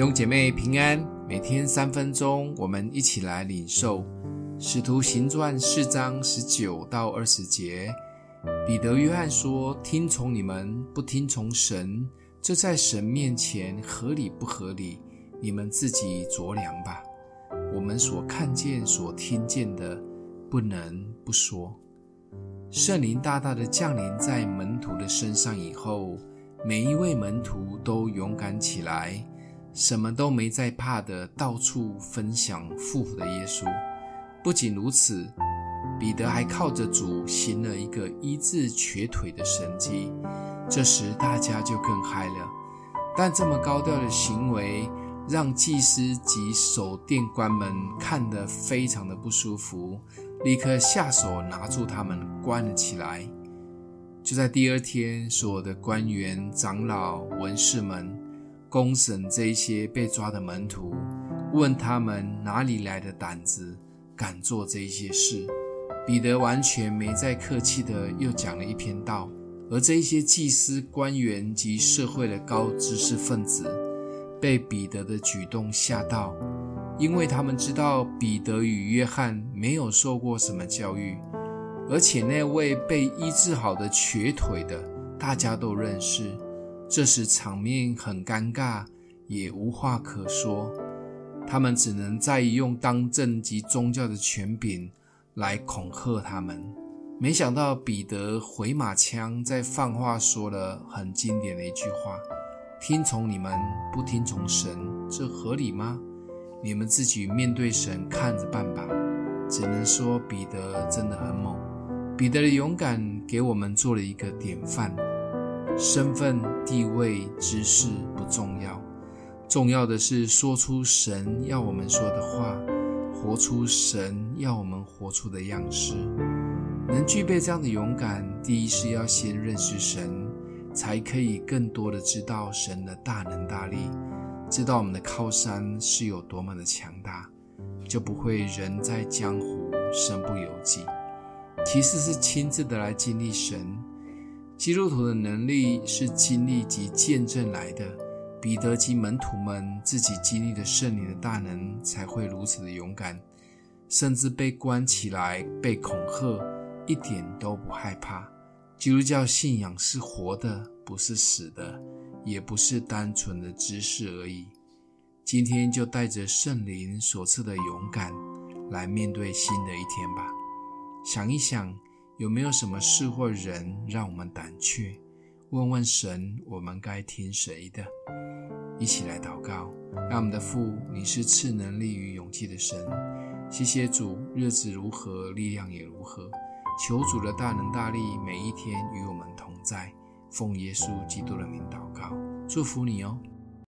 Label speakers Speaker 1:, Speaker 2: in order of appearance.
Speaker 1: 兄姐妹平安，每天三分鐘，我們一起來領受《使徒行傳》四章十九到二十節。彼得、約翰說：“聽從你們，不聽從神，這在神面前合理不合理？你們自己酌量吧。”我們所看見、所聽見的，不能不說。聖靈大大的降臨在門徒的身上以後，每一位門徒都勇敢起來。什麼都沒在怕的，到處分享復活的耶穌。不僅如此，彼得還靠着主行了一個醫治瘸腿的神蹟。這時大家就更嗨了。但這麼高調的行為，讓祭司及守殿官們看得非常的不舒服，立刻下手拿住他們關了起來。就在第二天，所有的官員、長老、文士們。公審這些被抓的門徒，問他們哪裡來的膽子，敢做這些事。彼得完全沒在客氣地又講了一篇道。而這些祭司、官員及社會的高知識分子，被彼得的舉動嚇到，因為他們知道彼得與約翰沒有受過什麼教育，而且那位被醫治好的瘸腿的，大家都認識。這時場面很尷尬，也無話可說，他們只能再用當政及宗教的權柄來恐嚇他們。沒想到彼得回馬槍，在放話說了很經典的一句話：“聽從你們，不聽從神，這合理嗎？你們自己面對神看着辦吧。”只能說彼得真的很猛，彼得的勇敢給我們做了一個典範。身份、地位、知識不重要，重要的是說出神要我們說的話，活出神要我們活出的樣式。能具備這樣的勇敢，第一是要先認識神，才可以更多的知道神的大能大力，知道我們的靠山是有多麼的強大，就不會人在江湖身不由己。其次是親自的來經歷神。基督徒的能力是經歷及見證來的，彼得及門徒們自己經歷的聖靈的大能，才會如此的勇敢，甚至被關起來、被恐嚇，一點都不害怕。基督教信仰是活的，不是死的，也不是單純的知識而已。今天就帶着聖靈所賜的勇敢，來面對新的一天吧。想一想。有沒有什麼事或人讓我們膽怯？問問神，我們該聽誰的？一起來禱告。愛我們的父，你是賜能力與勇氣的神。謝謝主，日子如何，力量也如何。求主的大能大力，每一天與我們同在。奉耶穌基督的名禱告，祝福你哦。